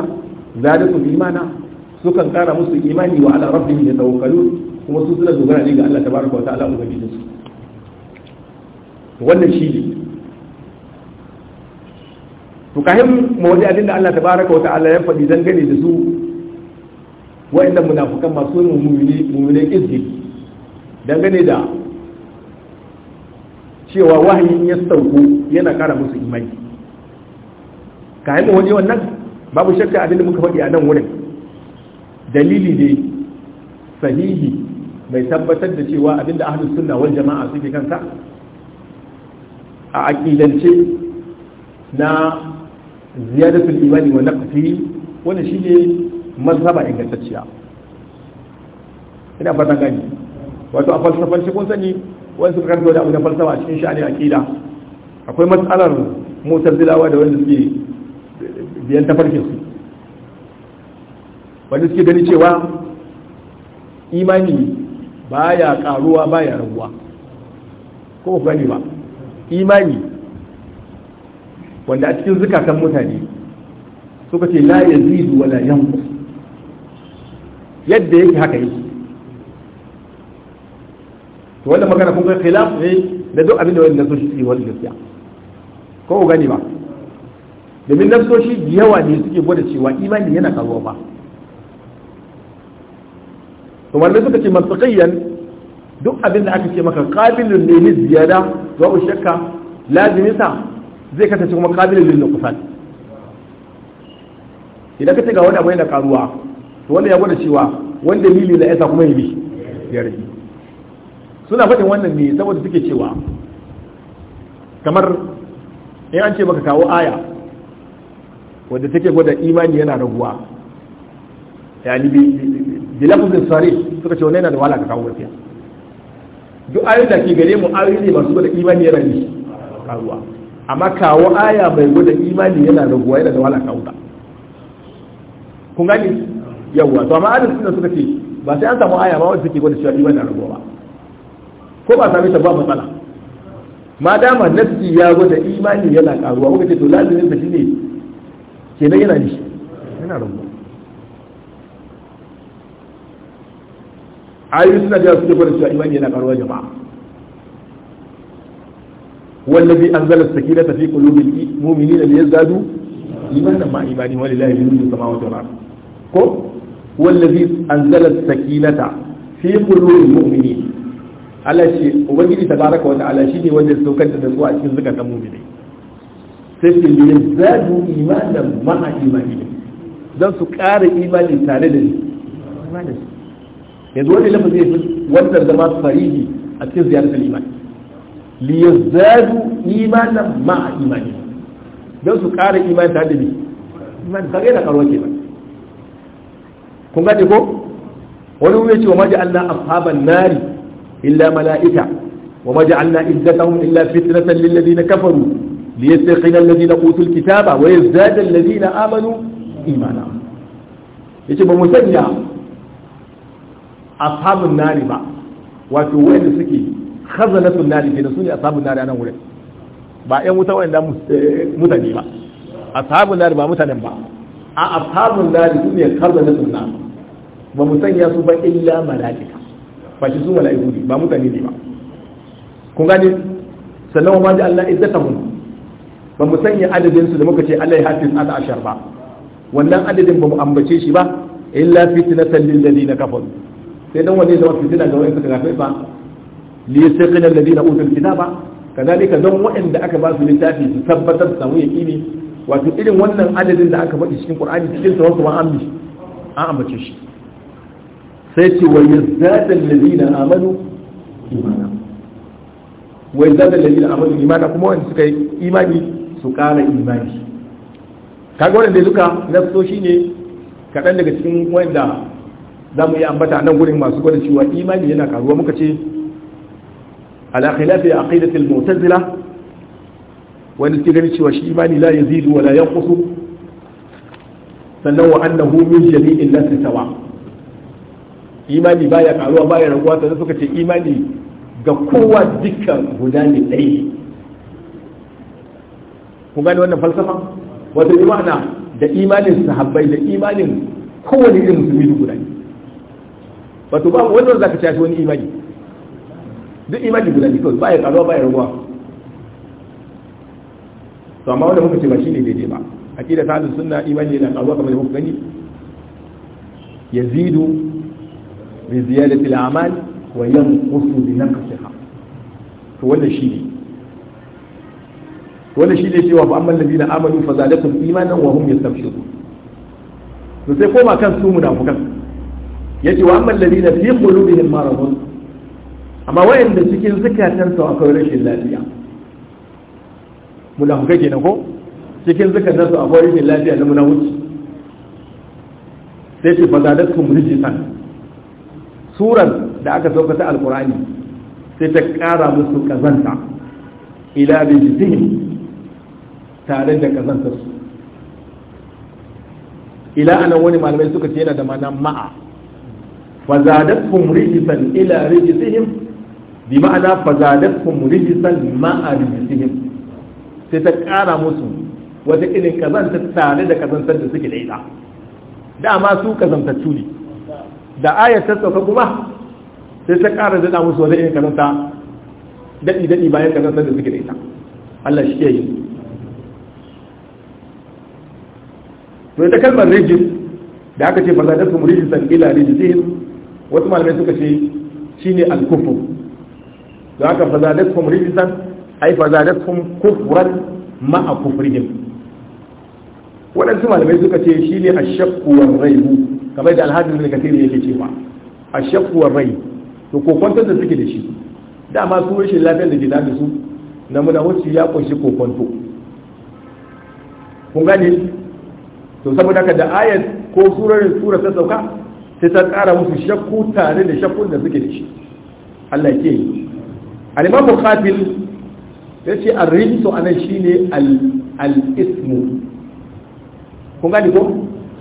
zadatkum imana sukan kara musu imani wa ala rabbihim yatawakkalun kuma su suna dogara ne ga Allah tabaraka wa ta'ala ubangijinsu wannan shi ne to kahin mawadi abin da Allah tabaraka wa ta'ala ya faɗi dangane da su wa'annan munafukan masu yin mummune izgi dangane da cewa wahayin ya sauko yana kara musu imani kayan mu waje wannan babu shakka abin da muka faɗi a nan wurin dalili ne sahihi mai tabbatar da cewa abinda da ahlus sunna wal jama'a suke kansa a aƙidance na ziyadatul imani wa naqfi wannan shine mazhaba ingantacciya ina fata gani wato a falsafar shi kun sani wani suka karanta da abu na falsafa a cikin sha'anin aƙida akwai matsalar motar zilawa da wanda suke biyan farkin su wanda suke gani cewa imani baya karuwa baya raguwa ko ku gani ba imani wanda a cikin zukatan mutane suka ce la yazidu wala yanqus yadda yake haka yake to wannan magana kun kai khilaf ne da duk abin da wannan so shi wani gaskiya ko ku gani ba domin nafsoshi da yawa ne suke gwada cewa imani yana karuwa ba to malamai suka ce mantiqayyan duk abin da aka ce maka qabilun ne liziyada babu shakka lazimisa zai kasance kuma kabilin lil kusan. idan ka ga wani abu yana karuwa to wannan ya gwada cewa wanda lili na yasa kuma yabi ya rage suna faɗin wannan ne saboda suke cewa kamar in an ce baka kawo aya wadda take gwada imani yana raguwa yani bi lafazin sare suka ce wannan yana da wahala ka kawo gaskiya duk ayoyin da ke gare mu ayoyi ne masu gwada imani yana ne karuwa amma kawo aya mai gwada imani yana raguwa yana da wala kawo kun gani yawwa to amma adin suna suka ce ba sai an samu aya ba wanda suke gwada cewa imani na raguwa ba ko ba same ta ba matsala ma dama nafsi ya gwada imani yana karuwa kuma ce to lazimin da shine kenan yana ne yana raguwa ayoyi suna da suke da cewa imani yana karuwa jama'a wallazi anzala as-sakinata fi qulubil mu'minina liyazdadu imanan ma imani walillahi mulku samawati wal ardh ko wallazi anzala as-sakinata fi qulubil mu'minin Allah shi ubangiji tabaraka wa ta'ala ne wanda ya sauka da nutsuwa a cikin zakatan mu'mini sai su liyazdadu imanan ma imani dan su ƙara imani tare da ni imanin yanzu wani lafazi ya fi wannan zama farihi a cikin ziyarar iman li yazdadu imanan ma imani don su ƙara imani tare da ni iman ka ga da karuwa kenan kun gane ko wani wuri yace wa ma ja'alna ashaban nari illa mala'ika wa ma ja'alna iddatahum illa fitnatan lil ladina kafaru liyastakhina alladhina utul kitaba wa yazdada alladhina amanu imana yace ba mu sanya ashabun nari ba wato wanda suke khazanatun nari kenan sune ashabun nari nan wurin ba ƴan wuta wanda eh, mutane ba ashabun nari ba mutanen ba a ashabun nari sune na nari ba mu sanya su ba illa mala'ika ba shi su mala'iku ne ba mutane ne ba kun gane sannan wa maji Allah izzatahum ba mu sanya adadin su da muka ce Allah ya hafiz al ashar ba wannan adadin ba mu ambace shi ba illa fitnatan lil ladina kafaru sai dan wani zama fitina ga wani kafai ba li yastaqina alladhina utul kitaba kadalika dan waɗanda aka ba su littafi su tabbatar su samu yaqini wato irin wannan adadin da aka faɗi cikin qur'ani cikin sa wasu an an ambace shi sai ce wa yazdada alladhina amanu imana wa yazdada alladhina amanu imana kuma wanda suka yi imani su ƙara imani kaga wanda suka nasso shine kaɗan daga cikin wanda za mu yi ambata nan gurin masu gwada cewa imani yana karuwa muka ce ala khilafi aqidatil mu'tazila Wani suke gani cewa shi imani la yazidu wa la yanqusu sannan wa annahu min jami'in nasi sawa imani baya karuwa baya raguwa sannan suka ce imani ga kowa dukkan guda ne ɗaya Ku gani wannan falsafa wata imana da imanin sahabbai da imanin kowane irin musulmi guda ne wato babu wannan zaka tashi wani imani duk imani guda ne kawai ba ya karuwa ba ya raguwa to amma wanda muka ce ba shi ne daidai ba aqida ta ahlus suna imani yana karuwa kamar yadda kuka gani yazidu bi ziyadati al-a'mal wa yanqusu bi naqsiha to wannan shi ne wannan shi ne cewa fa amman ladina amanu fa zadatum imanan wa hum yastabshirun to sai koma kan su munafikan yace wa amma alladhina fi qulubihim maradun amma wayanda cikin zukatan su akwai rashin lafiya munafuka kenan ko cikin zukatan su akwai rashin lafiya na munafiki sai ce fazadatkum rijisan suran da aka sauka ta alqur'ani sai ta kara musu kazanta ila rijisihim tare da kazantar su ila anan wani malamai suka ce yana da ma'ana ma'a فزادتهم رجسا إلى رجسهم بمعنى فزادتهم رجسا مع رجسهم ستكارا مسلم وتكلم كذا تتعرض كذا تدسك العيدة دا ما سو كذا تتولي دا آية تتوقع كما ستكارا دا مسلم وتكلم كذا daɗi daɗi bayan ka zartar da suke da ita Allah shi yi to ita kalmar rijis da aka ce fasadar su rijisan ila rijisihim wasu malamai suka ce shi al alkufu da aka haka fazadatkum rijsan ay kuma kufuran ma'a kufurin. waɗansu malamai suka ce ne a shakkuwar rai bu kamar da al-hadith ibn kathir yake cewa A shakkuwar rai, rayb to kokonton da suke da shi dama su rashin lafiyar da ke da su na muna wacce ya kunshi kokonto kun gane to saboda ka da ayat ko surar sura ta sauka sai ta tsara musu shakku tare da shakkun da suke da shi Allah ke yi alimam bukatil ya ce a rijsu anan ne al-ismu kun gani ko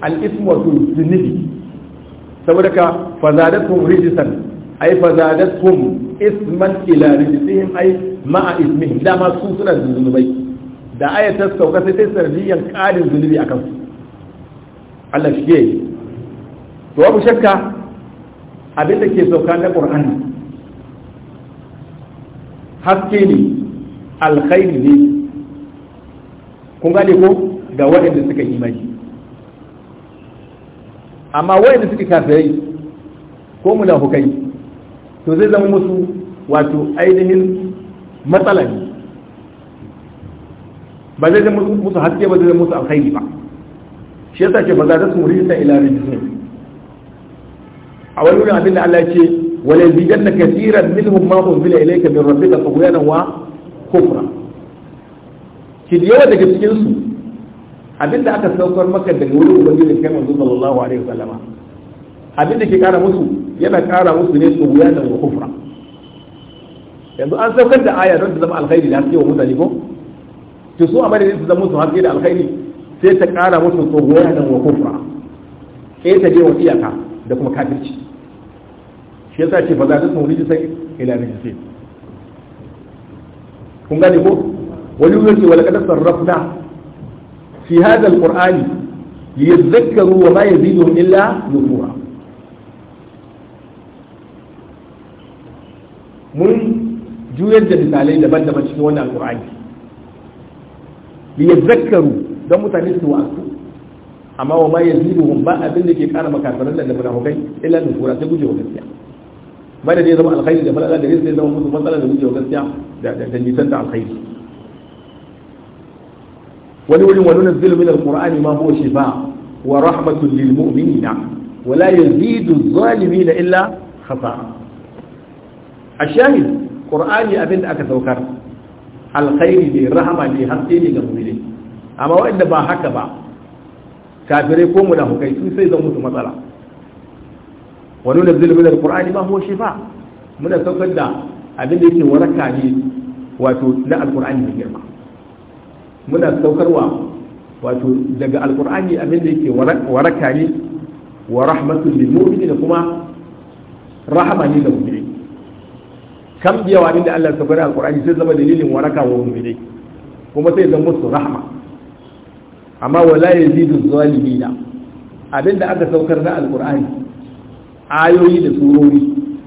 al-ismu wato zunubi saboda ka fazadatum rijsan ay fazadatum isman ila rijsihim ai ma'a ismihim dama su suna zunubai da ayatar sauka sai sai sarjiyar ƙarin zunubi a kansu Allah shi ke to babu shakka abinda ke sauka na ƙur'ani haske ne alkhairi ne kun gane ko ga waɗanda suka yi imani amma waɗanda suka kafirai ko munafukai to zai zama musu wato ainihin matsala ne ba zai zama musu haske ba zai zama musu alkhairi ba shi yasa ce ba za ta su murisa ila rijisai a wani wurin abin da Allah ya ce wala yazidanna kaseeran minhum ma unzila ilayka min rabbika tughyanan wa kufra ki da yawa daga cikin su abin da aka saukar maka daga wurin ubangiji kai manzo sallallahu alaihi wasallama abin da ke kara musu yana kara musu ne tughyanan wa kufra yanzu an saukar da aya don ta zama alkhairi da haske wa mutane ko to so a madadin su zama musu haske da alkhairi sai ta kara musu tsohuwa da wa kufra sai ta je wa iyaka da kuma kafirci shi yasa ce fa za ta tsori sai ila rijisi kun gane ko wani yake wala kadar sarrafna fi hadha alqur'ani liyadhakkaru wa ma yazidu illa nufura mun juyar da misalai daban-daban cikin wannan alqur'ani zakaru don mutane su wasu amma wa ma yaziduhum ba abin da ke kara makasaran da munafikai illa nufura sai gujewa gaskiya ba da ne zama alkhairi da matsala da ne zama musu matsala da wa gaskiya da nisan da alkhairi wani wurin wani na zilu min alkur'ani ma boshi ba, wa rahmatun lil mu'minina wa la yazidu zalimina illa khasara ashahid qur'ani abinda aka saukar alkhairi ne rahama ne haske ne ga mu'mini amma wanda ba haka ba kafirai ko munafukai su sai zan musu matsala wani da zai da qur'ani ma huwa shifa muna saukar da abin da yake waraka ne wato na alqur'ani mai girma muna saukarwa wato daga alqur'ani abin da yake waraka ne wa rahmatul lil da kuma rahama ne ga mu'mini kam biya wani da Allah saukar alqur'ani sai zama dalilin waraka wa mu'mini kuma sai zama musu rahama amma wala yazidu zalimina da aka saukar na alqur'ani ayoyi da surori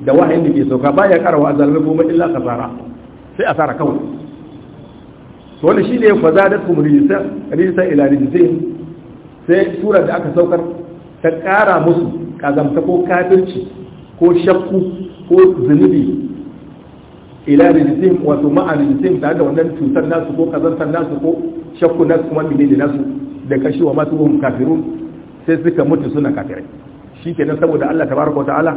da wahayin da ke sauka ba ya karawa a zalimai goma illa kasara sai a tsara kawai to wani shi ne fa zadat kum rijisa ila rijisin sai turar da aka saukar ta kara musu kazamta ko kafirci ko shakku ko zunubi ila wato ma'a tare da wannan cutar nasu ko kazantar nasu ko shakku nasu kuma da nasu da kashi wa masu kafirun sai suka mutu suna kafirai shi kenan saboda Allah tabaraka wa ta'ala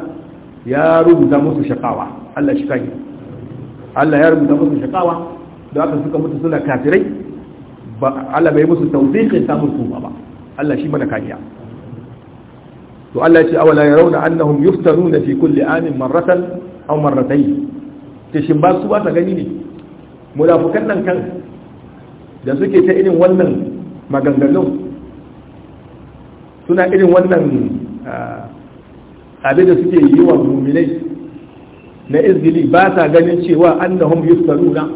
ya rubuta musu shakawa Allah shi kage Allah ya rubuta musu shakawa da aka suka mutu suna kafirai ba Allah bai musu tawfiqin samun tuba ba Allah shi mana kagiya to Allah ya ce awala yarawna annahum yuftanuna fi kulli amin marratan aw marratayn ce shin ba su ba ta gani ne munafukan nan kan da suke ta irin wannan maganganun suna irin wannan Ah, abin da suke yi wa muminai na izgili ba ta ganin cewa annahum yuftaruna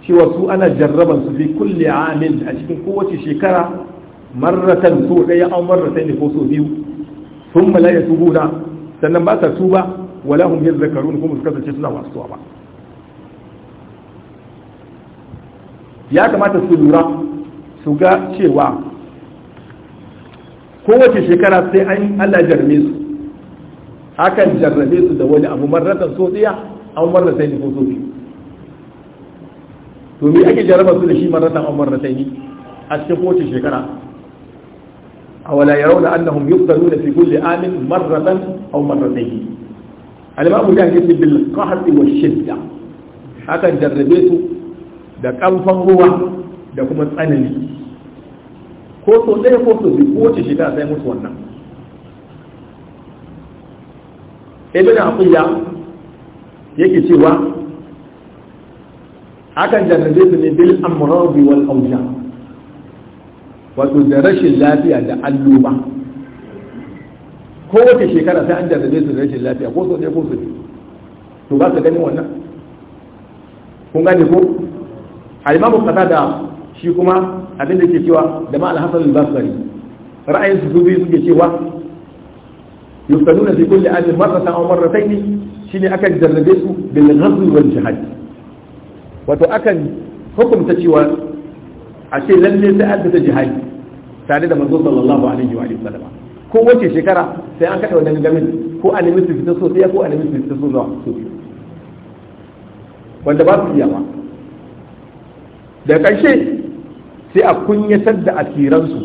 cewa su ana jarraban su fi kulli amin a cikin kowace shekara marratan so daya an marratan ne ko so biyu sun malaya su tubuna sannan ba sa tuba wala hum yadhakkarun kuma su kasance suna masu ba. ya kamata su lura su ga cewa kowace shekara sai an Allah jarme su akan jarrabe su da wani abu marratan so tsaya an marra sai ko so biyu to me ake jarraba su da shi marratan an marra sai a cikin kowace shekara a wala yarawna annahum yuftanuna fi kulli amin marratan aw marratayn al-imam jahil bil qahri wa shidda akan jarrabe su da kamfan ruwa da kuma tsanani ko so ɗaya ko so biyu kowace shekara sai musu wannan ibn afiya yake cewa akan jarrabe su ne bil amradi wal auja wato da rashin lafiya da alluba wace shekara sai an jarrabe su da rashin lafiya ko so ɗaya ko so biyu to ba su gani wannan kun gane ko al-imamu qatada shi kuma abinda da ke cewa da ma alhassan al-basri ra'ayin su zubi suke cewa yuftanuna fi kulli ajin marratan aw marratayn shine akan jarrabe su bil ghazwi wal jihad wato akan hukumta cewa a ce lalle sai an ta jihad tare da manzo sallallahu alaihi wa sallama ko wace shekara sai an kada wannan gamin ko an nemi fita so sai ko an nemi fita so zuwa so wanda ba su iya ba da ƙarshe sai a kunyatar da asiransu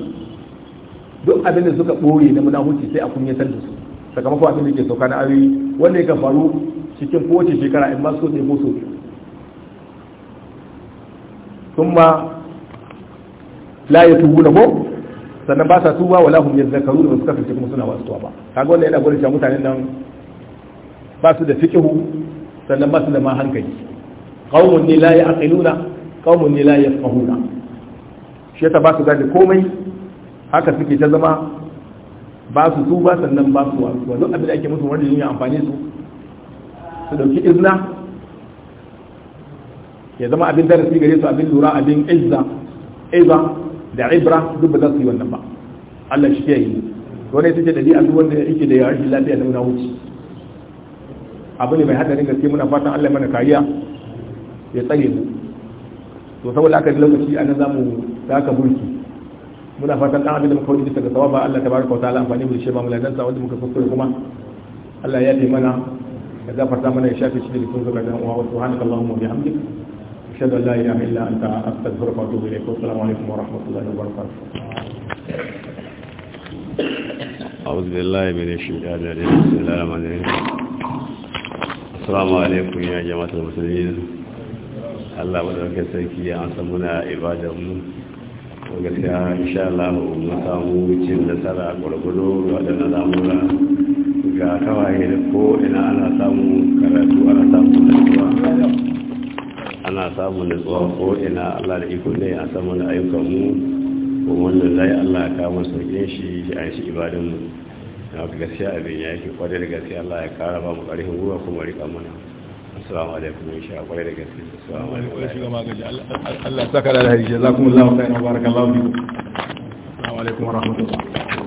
duk abin da suka ɓoye na munafunci sai a kunyatar da su sakamakon abin da ke sauka na ayoyi wanda ya faru cikin kowace shekara in ba su ɗaya ko sun ma la ya tubu na ko sannan ba sa tuba wala hum karu da suka fice kuma suna wasu tuwa ba kaga wanda yana gwada cewa mutanen nan ba su da fiqhu sannan ba su da ma hankali qaumun ne la yaqiluna qaumun ne la yafqahuna shi yasa ba su gane komai haka suke ta zama ba su tuba sannan ba su wasu duk abin da ake musu wani yin amfani su su dauki izna ya zama abin darasi gare su abin lura abin izza izza da ibra duk ba za su yi wannan ba Allah shi ya yi wani suke da bi'a wanda yake da shi lafiya da muna wuce abu ne mai hadarin gaske muna fatan Allah mana kariya ya tsare mu to saboda aka ji lokaci an za mu taka burki muna fatan dan abin da muka wuce daga sawaba Allah tabaraka wa ta'ala amfani mu da shema muladan sa wanda muka fuskura kuma Allah ya taimaka mana ya gafarta mana ya shafe shi da cikin zuwa dan uwa wa subhanaka allahumma wa bihamdika ashhadu an la ilaha illa anta astaghfiruka wa atubu ilayka assalamu alaikum wa rahmatullahi wa barakatuh أعوذ بالله من الشيطان الرجيم السلام عليكم السلام عليكم يا جماعة المسلمين Allah madaukakin sarki ya amsa muna ibadar mu gaskiya insha Allah mun samu cin nasara gurgudu da al'amura ga kawai da ko ina ana samu karatu ana samu nasuwa ana samu nutsuwa ko ina Allah da iko ne a samu na ayyukan mu kuma wannan zai Allah ya kama sauƙin shi ya shi ibadan mu na gaskiya abin ya yake kwarai da gaskiya Allah ya kara ba mu ƙarfin gwiwa kuma rika mana assalamu alaikum insha Allah da gaske assalamu alaikum Allah shiga Allah saka da alheri jazakumullahu khairan barakallahu fikum assalamu alaikum wa rahmatullahi